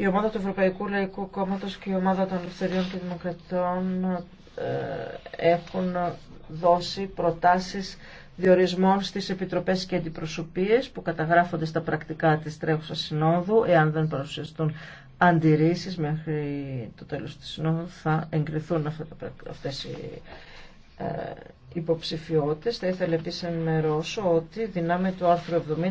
Η ομάδα του Ευρωπαϊκού Λαϊκού Κόμματος και η ομάδα των Ελευθεριών και Δημοκρατών ε, έχουν δώσει προτάσεις διορισμών στις επιτροπές και αντιπροσωπείες που καταγράφονται στα πρακτικά της τρέχουσας συνόδου. Εάν δεν παρουσιαστούν αντιρρήσεις μέχρι το τέλος της συνόδου θα εγκριθούν αυτές οι ε, υποψηφιότητε. Θα ήθελα επίσης να ενημερώσω ότι δυνάμει του άρθρου 70